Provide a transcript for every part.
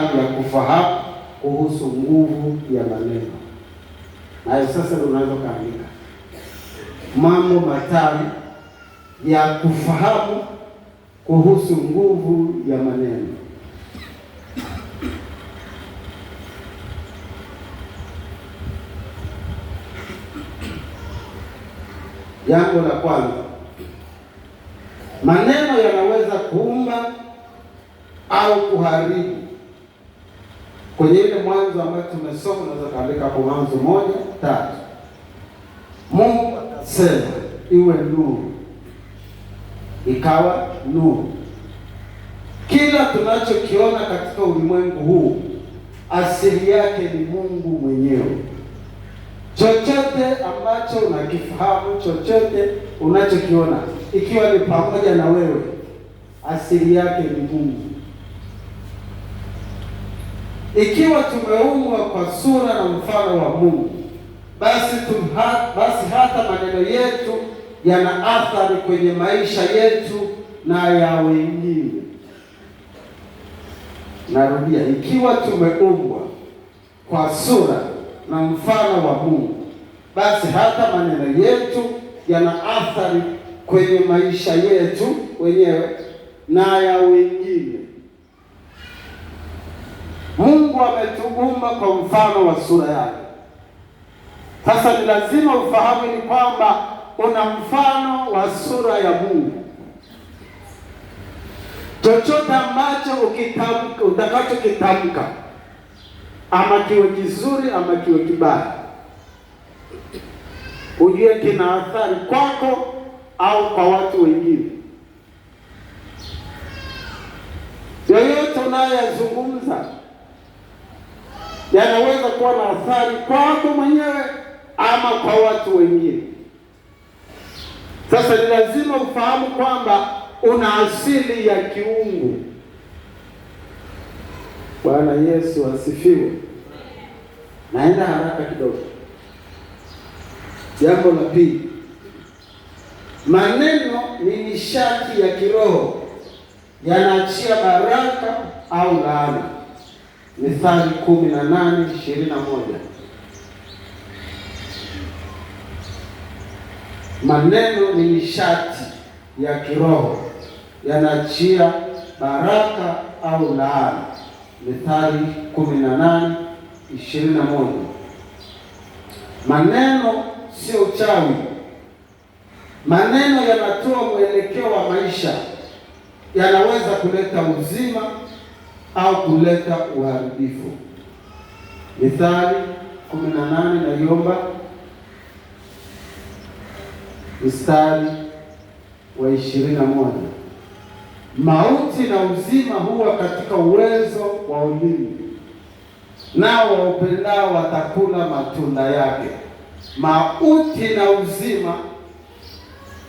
la kufahamu kuhusu nguvu ya maneno. Nayo sasa unaweza kaandika mambo matano ya kufahamu kuhusu nguvu ya maneno. Jambo la kwanza, maneno yanaweza kuumba au kuharibu kwenye ile Mwanzo ambayo tumesoma, unaweza kaandika hapo Mwanzo moja tatu. Mungu akasema iwe nuru, ikawa nuru. Kila tunachokiona katika ulimwengu huu asili yake ni Mungu mwenyewe. Chochote ambacho unakifahamu, chochote unachokiona, ikiwa ni pamoja na wewe, asili yake ni Mungu. Ikiwa tumeumbwa kwa sura na mfano wa Mungu, basi tumha, basi hata maneno yetu yana athari kwenye maisha yetu na ya wengine. Narudia, ikiwa tumeumbwa kwa sura na mfano wa Mungu, basi hata maneno yetu yana athari kwenye maisha yetu wenyewe na ya wengine. Mungu ametuumba kwa mfano wa sura yake. Sasa ni lazima ufahamu ni kwamba una mfano wa sura ya Mungu. Chochote ambacho ukitamka, utakachokitamka ama kiwe kizuri ama kiwe kibaya, ujue kina athari kwako au kwa watu wengine. Yoyote unayozungumza yanaweza kuwa na athari kwako mwenyewe ama kwa watu wengine. Sasa ni lazima ufahamu kwamba una asili ya kiungu. Bwana Yesu asifiwe. Naenda haraka kidogo. Jambo la pili, maneno ni nishati ya kiroho, yanaachia baraka au laana. Mithali kumi na nane ishirini na moja. Maneno ni nishati ya kiroho, yanaachia baraka au laana. Mithali kumi na nane ishirini na moja. Maneno sio uchawi. Maneno yanatoa mwelekeo wa maisha, yanaweza kuleta uzima au kuleta uharibifu. Mithali 18 na nane naiomba mstari wa 21 moja mauti na uzima huwa katika uwezo wa ulimi, nao waupendao watakula matunda yake. Mauti na uzima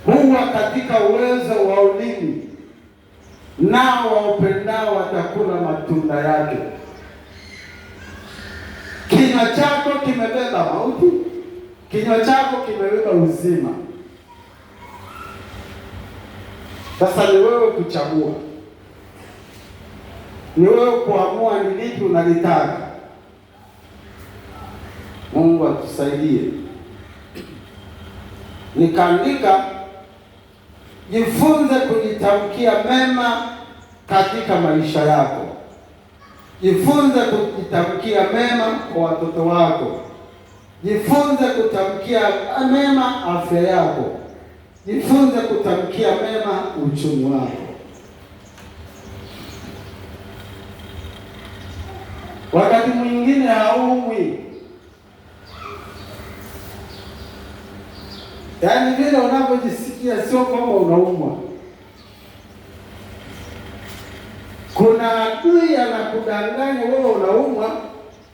huwa katika uwezo wa ulimi nao waupendao watakula matunda yake. Kinywa chako kimebeba mauti, kinywa chako kimebeba uzima. Sasa ni wewe kuchagua, ni wewe kuamua ni lipi unalitaka. Mungu atusaidie. Nikaandika Jifunze kujitamkia mema katika maisha yako. Jifunze kujitamkia mema kwa watoto wako. Jifunze kutamkia mema afya yako. Jifunze kutamkia mema uchumi wako. Wakati mwingine haumwi, yaani vile unavyojisikia kusikia, sio kwamba unaumwa. Kuna adui anakudanganya wewe unaumwa,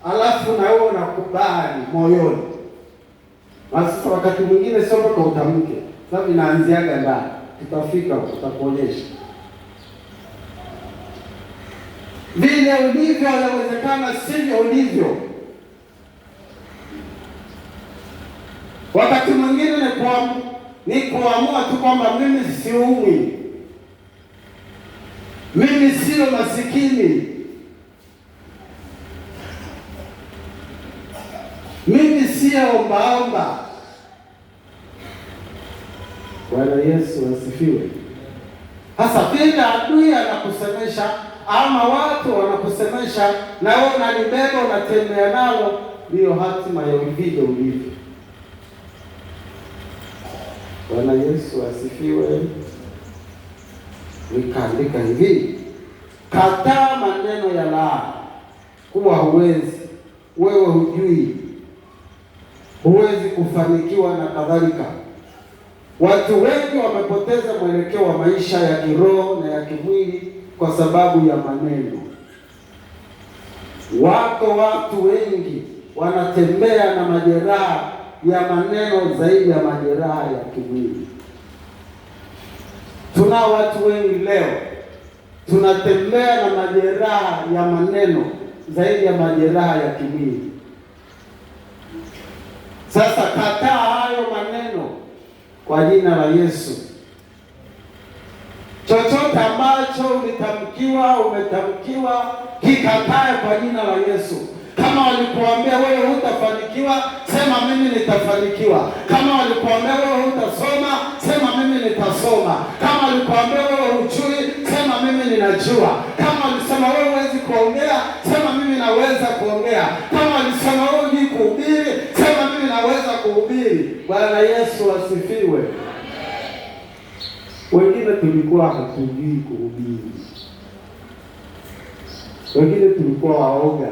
alafu na wewe unakubali moyoni. Sasa wakati mwingine sio mpaka utamke, sababu inaanziaga ndani. Tutafika, tutakuonyesha vile ulivyo, anawezekana sivyo ulivyo. Wakati mwingine ni kwa ni kuamua tu kwamba mimi siumwi, mimi sio masikini, mimi sio ombaomba. Bwana Yesu asifiwe. hasa kila adui anakusemesha ama watu wanakusemesha, na wewe unalibeba unatembea nalo, ndiyo hatima ya uvido ulivyo. Bwana Yesu asifiwe. Nikaandika hivi, kataa maneno ya la kuwa huwezi, wewe hujui, huwezi kufanikiwa na kadhalika. Watu wengi wamepoteza mwelekeo wa maisha ya kiroho na ya kimwili kwa sababu ya maneno. Wako watu wengi wanatembea na majeraha ya maneno zaidi ya majeraha ya kimwili. Tunao watu wengi leo tunatembea na majeraha ya maneno zaidi ya majeraha ya kimwili. Sasa kataa hayo maneno kwa jina la Yesu. Chochote ambacho ulitamkiwa, umetamkiwa, kikatae kwa jina la Yesu. Kama walikuambia wewe hutafanikiwa, sema mimi nitafanikiwa. Kama walikuambia wewe hutasoma, sema mimi nitasoma. Kama walikuambia wewe hujui, sema mimi ninajua. Kama walisema wewe huwezi kuongea, sema mimi naweza kuongea. Kama walisema wewe ni kuhubiri, sema mimi naweza kuhubiri. Bwana Yesu asifiwe. Wengine tulikuwa hatujui kuhubiri, wengine tulikuwa waoga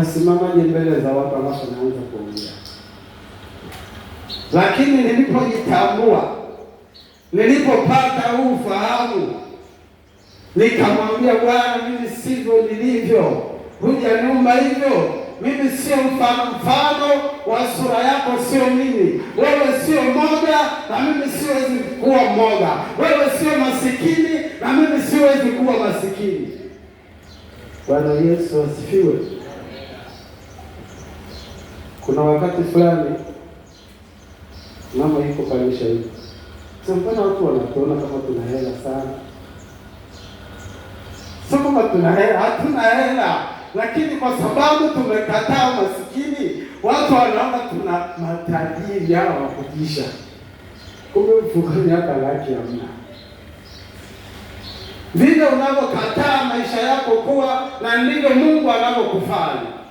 asimamaje mbele za watu alafu anaanza kuongea. Lakini nilipojitambua, nilipopata huu ufahamu, nikamwambia Bwana, mimi sivyo nilivyo, huja nyumba hivyo mimi sio mfano mfano wa sura yako, sio mimi. Wewe sio moga na mimi siwezi kuwa moga. Wewe sio masikini na mimi siwezi kuwa masikini. Bwana Yesu asifiwe kuna wakati fulani mama yuko kanisha hivi, mbona watu wanatuona kama tuna hela sana? Sio kama tuna hela, hatuna hela, lakini kwa sababu tumekataa masikini, watu wanaona tuna matajiri hao wakujisha, kumbe mfukoni hata laki hamna. Vile unavyokataa maisha yako kuwa na ndivyo Mungu anavyokufanya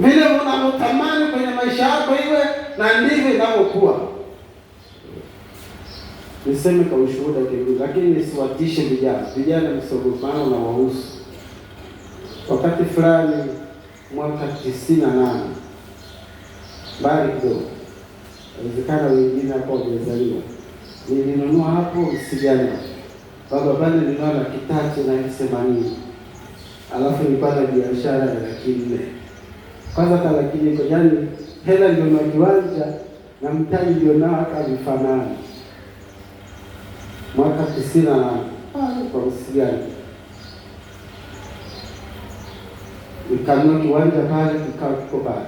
vile unavyotamani kwenye maisha yako iwe, na ndivyo inavyokuwa. Niseme kwa ushuhuda kidogo, lakini nisiwatishe vijana. Vijana msogomano na wahusu. Wakati fulani mwaka tisini na nane mbali kidogo, inawezekana wengine hapo wamezaliwa, nilinunua hapo msigana baba bana, nilinunua laki na elfu themanini alafu nipata biashara ya laki nne kwanza talakiliko, yani hela ndio na kiwanja na mtaji ndio na hata Mwaka 90 na kwa usigani nikanunua kiwanja pale, kikawa kiko pale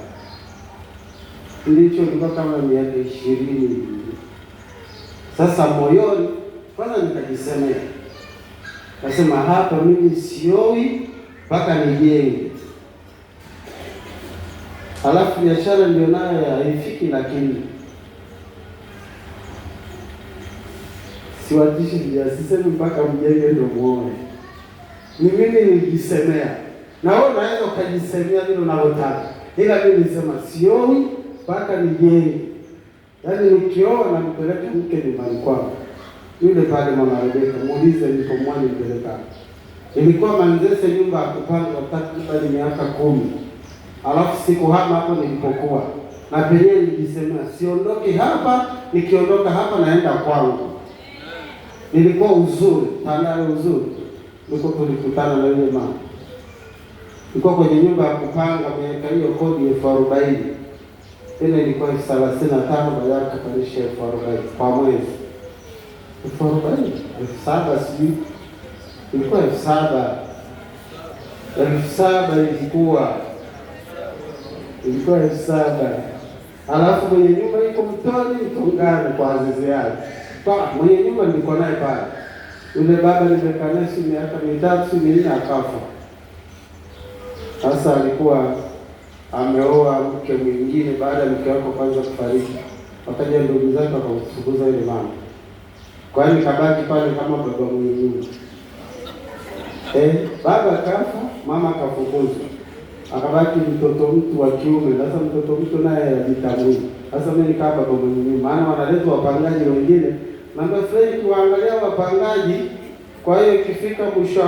kilicho ilikuwa kama miaka ishirini. Sasa moyoni kwanza nikajisemea, kasema hapa mimi sioi mpaka nijenge halafu biashara ndio nayo haifiki, lakini siwajishi vijana, sisemi mpaka mjenge ndio muone. Ni mimi nijisemea, na wewe unaweza ukajisemea vile unavyotaka, ila mimi nisema sioni mpaka nijenge. Yaani nikioa nampeleka mke nyumbani kwangu yule pale mama Rebeka, muulize mwani mpeleka. Ilikuwa Manzese, nyumba ya kupanga takriban miaka kumi Alafu sikuhama hapo nilipokuwa na penyewe, nilisema siondoki hapa, nikiondoka hapa naenda kwangu. Nilikuwa uzuri Tandale, uzuri niko tulikutana na yule mama, nilikuwa kwenye nyumba ya kupanga, miaka hiyo kodi elfu arobaini ile ilikuwa elfu thelathini na tano baada ya kukanisha elfu arobaini kwa mwezi, elfu arobaini elfu saba sijui ilikuwa elfu saba elfu saba ilikuwa ilikuwa elfu saba halafu mwenye nyumba iko mtoni tungana kwa azizi yake, mwenye nyumba niko naye pale. Yule baba nimekaa si miaka mitatu minne, akafa. Sasa alikuwa ameoa mke mwingine baada ya mke wake kwanza kufariki, wakaja ndugu zake wakamfukuza ile mama, kwa hiyo nikabaki pale kama baba mwenye nyumba. Eh, baba kafa, mama akafukuzwa akabaki mtoto mtu wa kiume. Sasa mtoto mtu naye ajitambui. Sasa mimi nikaa baba mwenyewe, maana wanaletwa wapangaji wengine, na ndio fulani wapangaji. Kwa hiyo ikifika mwisho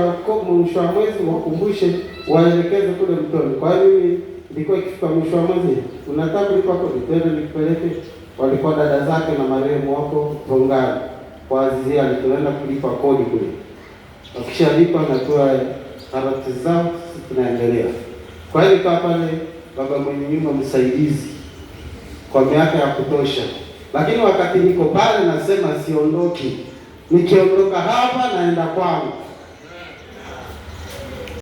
wa mwezi wakumbushe, waelekeze kule mtoni. Kwa hiyo mimi ilikuwa ikifika mwisho wa mwezi, unataka kulipa kodi, twende nikupeleke. Walikuwa dada zake na marehemu wako Tongani kwa Azizia, tunaenda kulipa kodi kule, wakishalipa natoa karatasi zao, tunaendelea kwa hiyo ikawa pale baba mwenye nyumba msaidizi kwa miaka ya kutosha, lakini wakati niko pale nasema siondoki, nikiondoka hapa naenda kwangu